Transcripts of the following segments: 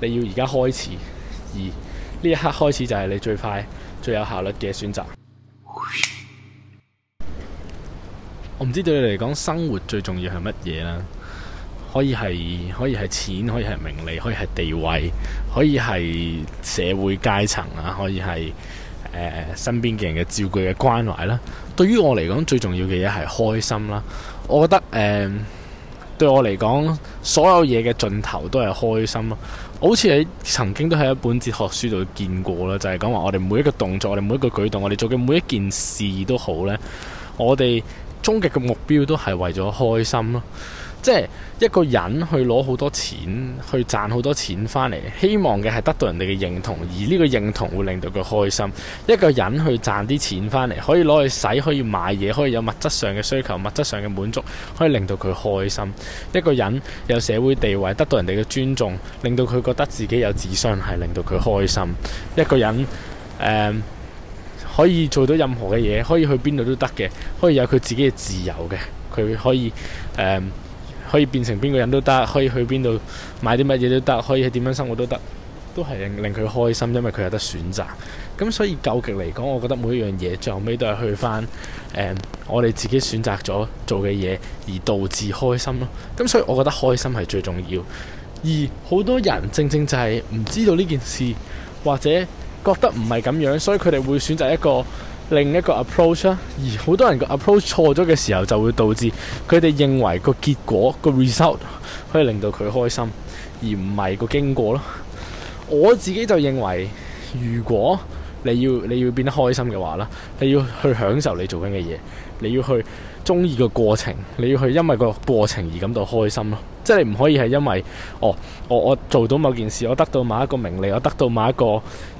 你要而家開始，而呢一刻開始就係你最快、最有效率嘅選擇。我唔知對你嚟講，生活最重要係乜嘢啦？可以係可以係錢，可以係名利，可以係地位，可以係社會階層啊，可以係誒、呃、身邊嘅人嘅照顧嘅關懷啦。對於我嚟講，最重要嘅嘢係開心啦。我覺得誒。呃對我嚟講，所有嘢嘅盡頭都係開心咯。好似喺曾經都喺一本哲學書度見過啦，就係講話我哋每一個動作、我哋每一個舉動、我哋做嘅每一件事都好呢，我哋終極嘅目標都係為咗開心咯。即係一個人去攞好多錢，去賺好多錢翻嚟，希望嘅係得到人哋嘅認同，而呢個認同會令到佢開心。一個人去賺啲錢翻嚟，可以攞去使，可以買嘢，可以有物質上嘅需求，物質上嘅滿足，可以令到佢開心。一個人有社會地位，得到人哋嘅尊重，令到佢覺得自己有智商，係令到佢開心。一個人、呃、可以做到任何嘅嘢，可以去邊度都得嘅，可以有佢自己嘅自由嘅，佢可以、呃可以變成邊個人都得，可以去邊度買啲乜嘢都得，可以係點樣生活都得，都係令佢開心，因為佢有得選擇。咁所以究極嚟講，我覺得每一樣嘢最後尾都係去翻誒、嗯、我哋自己選擇咗做嘅嘢而導致開心咯。咁所以我覺得開心係最重要。而好多人正正就係唔知道呢件事，或者覺得唔係咁樣，所以佢哋會選擇一個。另一個 approach 啦，而好多人個 approach 錯咗嘅時候，就會導致佢哋認為個結果，個 result 可以令到佢開心，而唔係個經過咯。我自己就認為，如果你要你要變得開心嘅話啦，你要去享受你做緊嘅嘢，你要去中意個過程，你要去因為個過程而感到開心咯。即係你唔可以係因為哦，我我做到某件事，我得到某一個名利，我得到某一個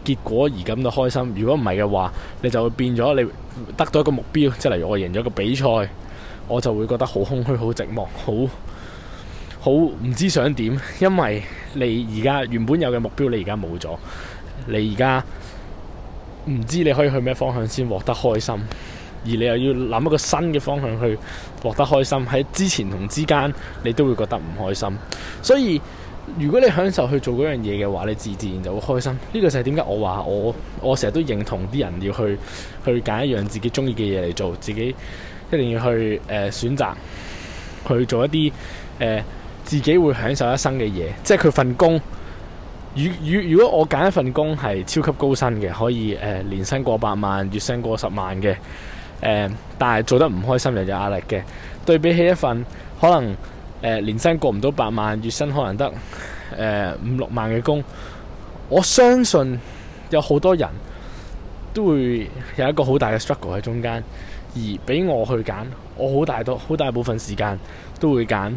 結果而感到開心。如果唔係嘅話，你就會變咗你得到一個目標，即係例如我贏咗個比賽，我就會覺得好空虛、好寂寞、好好唔知想點，因為你而家原本有嘅目標你而家冇咗，你而家。唔知你可以去咩方向先獲得開心，而你又要諗一個新嘅方向去獲得開心，喺之前同之間你都會覺得唔開心。所以如果你享受去做嗰樣嘢嘅話，你自自然就會開心。呢、這個就係點解我話我我成日都認同啲人要去去揀一樣自己中意嘅嘢嚟做，自己一定要去誒、呃、選擇去做一啲誒、呃、自己會享受一生嘅嘢，即係佢份工。如如，如果我揀一份工係超級高薪嘅，可以誒、呃、年薪過百萬、月薪過十萬嘅、呃，但係做得唔開心、又有壓力嘅，對比起一份可能、呃、年薪過唔到百萬、月薪可能得、呃、五六萬嘅工，我相信有好多人都會有一個好大嘅 struggle 喺中間，而俾我去揀，我好大多好大部分時間都會揀，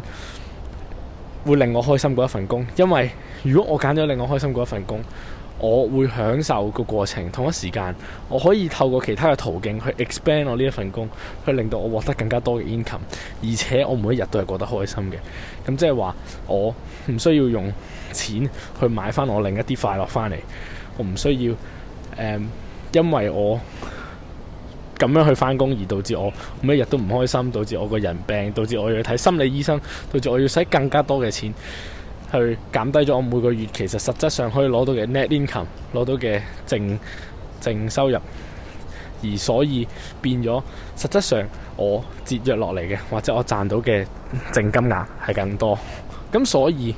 會令我開心嗰一份工，因為如果我揀咗令我開心嗰一份工，我會享受個過程，同一時間我可以透過其他嘅途徑去 expand 我呢一份工，去令到我獲得更加多嘅 income，而且我每一日都係過得開心嘅。咁即係話我唔需要用錢去買翻我另一啲快樂翻嚟，我唔需要，嗯，因為我。咁樣去返工而導致我每一日都唔開心，導致我個人病，導致我要睇心理醫生，導致我要使更加多嘅錢去減低咗我每個月其實實質上可以攞到嘅 net income 攞到嘅淨淨收入，而所以變咗實質上我節約落嚟嘅或者我賺到嘅淨金額係更多，咁所以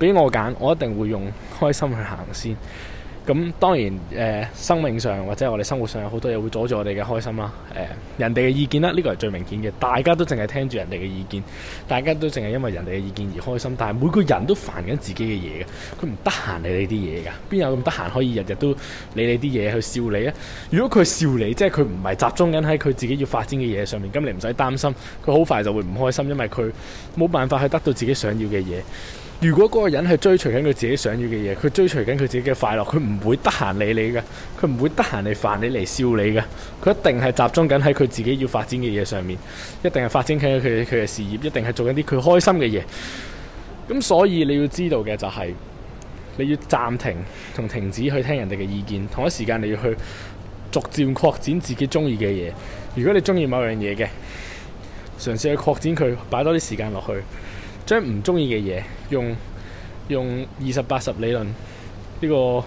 俾我揀，我一定會用開心去行先。咁當然、呃、生命上或者我哋生活上有好多嘢會阻住我哋嘅開心啦、呃。人哋嘅意見啦呢、呢個係最明顯嘅。大家都淨係聽住人哋嘅意見，大家都淨係因為人哋嘅意見而開心，但係每個人都煩緊自己嘅嘢嘅，佢唔得閒理你啲嘢㗎，邊有咁得閒可以日日都理你啲嘢去笑你咧？如果佢笑你，即係佢唔係集中緊喺佢自己要發展嘅嘢上面，咁你唔使擔心，佢好快就會唔開心，因為佢冇辦法去得到自己想要嘅嘢。如果嗰個人係追隨緊佢自己想要嘅嘢，佢追隨緊佢自己嘅快樂，佢唔會得閒理你嘅，佢唔會得閒嚟煩你嚟笑你嘅，佢一定係集中緊喺佢自己要發展嘅嘢上面，一定係發展緊佢佢嘅事業，一定係做緊啲佢開心嘅嘢。咁所以你要知道嘅就係，你要暫停同停止去聽人哋嘅意見，同一時間你要去逐漸擴展自己中意嘅嘢。如果你中意某樣嘢嘅，嘗試去擴展佢，擺多啲時間落去。將唔中意嘅嘢用用二十八十理論呢、這個誒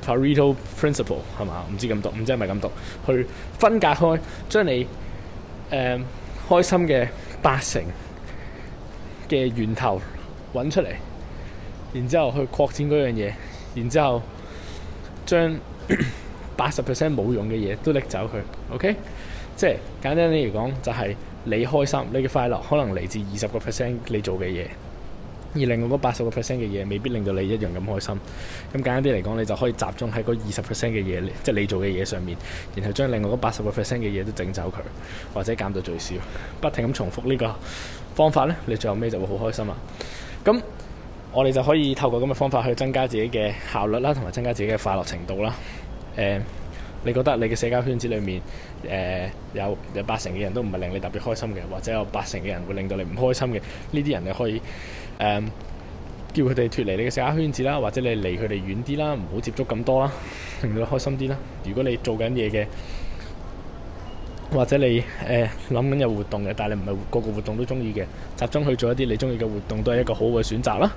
Pareto Principle 係嘛？唔知咁讀，唔知係咪咁讀，去分隔開，將你誒、呃、開心嘅八成嘅源頭揾出嚟，然之後去擴展嗰樣嘢，然之後將八十 percent 冇用嘅嘢都拎走佢。OK，即係簡單啲嚟講，就係。你開心，你嘅快樂可能嚟自二十個 percent 你做嘅嘢，而另外嗰八十個 percent 嘅嘢，未必令到你一樣咁開心。咁簡單啲嚟講，你就可以集中喺嗰二十 percent 嘅嘢，即係、就是、你做嘅嘢上面，然後將另外嗰八十個 percent 嘅嘢都整走佢，或者減到最少，不停咁重複呢個方法呢，你最後尾就會好開心啊！咁我哋就可以透過咁嘅方法去增加自己嘅效率啦，同埋增加自己嘅快樂程度啦，呃你覺得你嘅社交圈子裏面，誒、呃、有有八成嘅人都唔係令你特別開心嘅，或者有八成嘅人會令到你唔開心嘅，呢啲人你可以誒、呃、叫佢哋脫離你嘅社交圈子啦，或者你離佢哋遠啲啦，唔好接觸咁多啦，令到開心啲啦。如果你做緊嘢嘅，或者你誒諗緊有活動嘅，但係你唔係個個活動都中意嘅，集中去做一啲你中意嘅活動，都係一個好嘅選擇啦。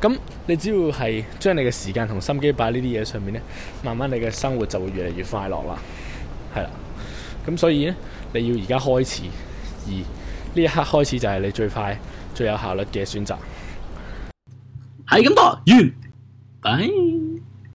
咁你只要係將你嘅時間同心機擺呢啲嘢上面呢，慢慢你嘅生活就會越嚟越快樂啦。係啦，咁所以呢，你要而家開始，而呢一刻開始就係你最快，最有效率嘅選擇。係咁多，完，拜。